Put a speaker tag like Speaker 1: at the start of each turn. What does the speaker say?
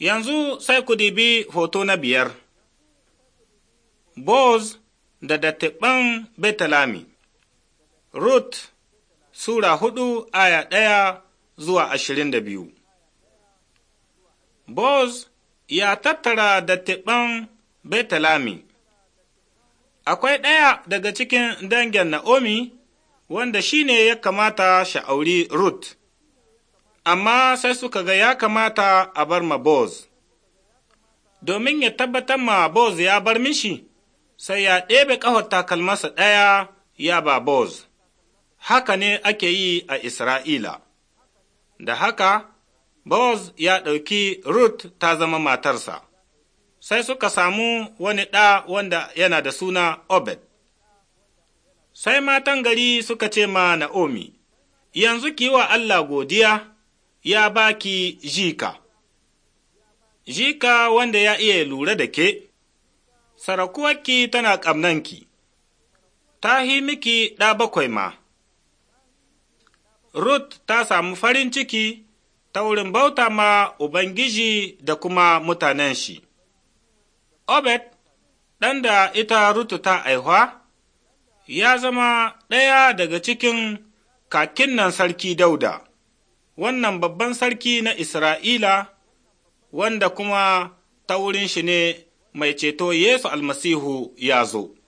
Speaker 1: Yanzu sai ku dibi hoto na biyar. Boz da dattiɓan Betalami Rut Sura hudu aya ɗaya zuwa ashirin da biyu Boz ya tattara dattiɓan Betalami Akwai ɗaya daga cikin dangin Na'omi wanda shi ne ya kamata sha'auri Rut. amma sai suka ga ya kamata a bar ma Boz. Domin ya tabbatar ma Boz ya bar mishi, sai ya ɗebe ƙahon takalmasa ɗaya ya ba Boz. Haka ne ake yi a Isra'ila. Da haka, Boz ya ɗauki rut ta zama matarsa. Sai suka samu wani ɗa wanda yana da suna Obed. Sai matan gari suka ce ma Na'omi, Yanzu ki wa Allah godiya, ya baki jika, jika wanda ya iya lura da ke, sarakuwarki tana ƙamnanki, ta hi miki ɗa bakwai ma. Ruth ta samu farin ciki ta wurin bauta ma Ubangiji da kuma mutanen shi. Obed, ɗan da ita Ruth ta aihwa, ya zama ɗaya daga cikin kakin nan sarki Dauda. wannan babban sarki na Isra'ila, wanda kuma ta wurin shi ne mai ceto Yesu almasihu ya zo.